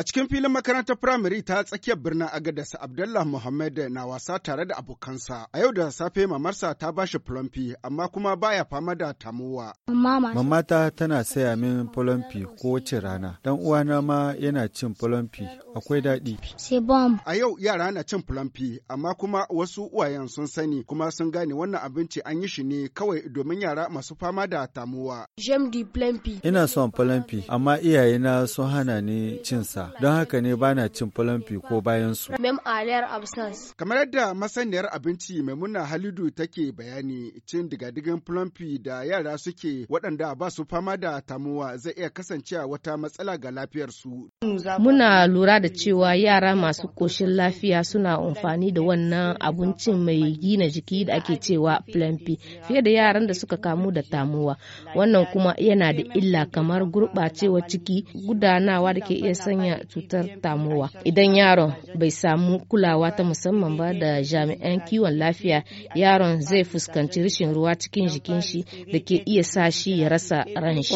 A cikin filin makarantar firamare ta tsakiyar birnin Agadas Abdullah Muhammad na wasa tare da abokansa. A yau da safe mamarsa ta ba shi fulamfi amma kuma baya fama da tamuwa. Mamata tana saya min fulamfi kowace rana. Dan uwana ma yana cin fulamfi akwai daɗi. A yau yara na cin fulamfi amma kuma wasu uwayen sun sani kuma sun gane wannan abinci an yi shi ne kawai domin yara masu fama da tamowa. Ina son fulamfi amma iyayena sun hana ni cinsa. don haka ne ba na cin fulamfi ko bayan su. Kamar yadda masaniyar abinci mai Maimuna Halidu take bayani cin digadigan fulamfi da yara suke waɗanda ba su fama da tamuwa zai iya kasancewa wata matsala ga lafiyarsu. Muna lura da cewa yara masu koshin lafiya suna amfani da wannan abincin mai gina jiki da ake cewa fulamfi fiye da yaran da suka kamu da tamuwa. Wannan kuma yana da illa kamar gurɓacewar ciki gudanawa da ke iya sanya cutar tamowa idan yaron bai samu kulawa ta musamman ba da jami'an kiwon lafiya yaron zai fuskanci rashin ruwa cikin jikin shi da ke iya sa shi ya rasa ran shi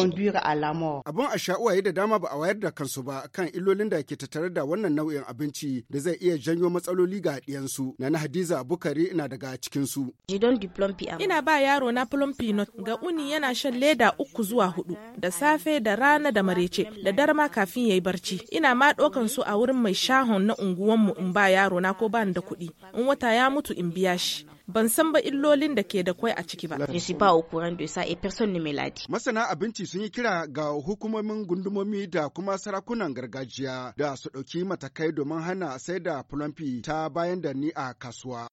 abin a sha'uwaye da dama ba a wayar da kansu ba kan illolin da ke tattare da wannan nau'in abinci da zai iya janyo matsaloli ga diyansu na na hadiza bukari ina daga cikin cikinsu ina ba yaro na not ga uni yana shan leda uku zuwa hudu da safe da rana da marece da darma kafin yayi barci ina ina ma ɗaukan su a wurin mai shahon na unguwanmu in ba yaro na ko bani da kuɗi in wata ya mutu in biya shi ban san ba illolin da ke da kwai a ciki ba. Je suis pas au courant de ça et personne ne me l'a Masana abinci sun yi kira ga hukumomin gundumomi da kuma sarakunan gargajiya da su ɗauki matakai domin hana sai da ta bayan da ni a kasuwa.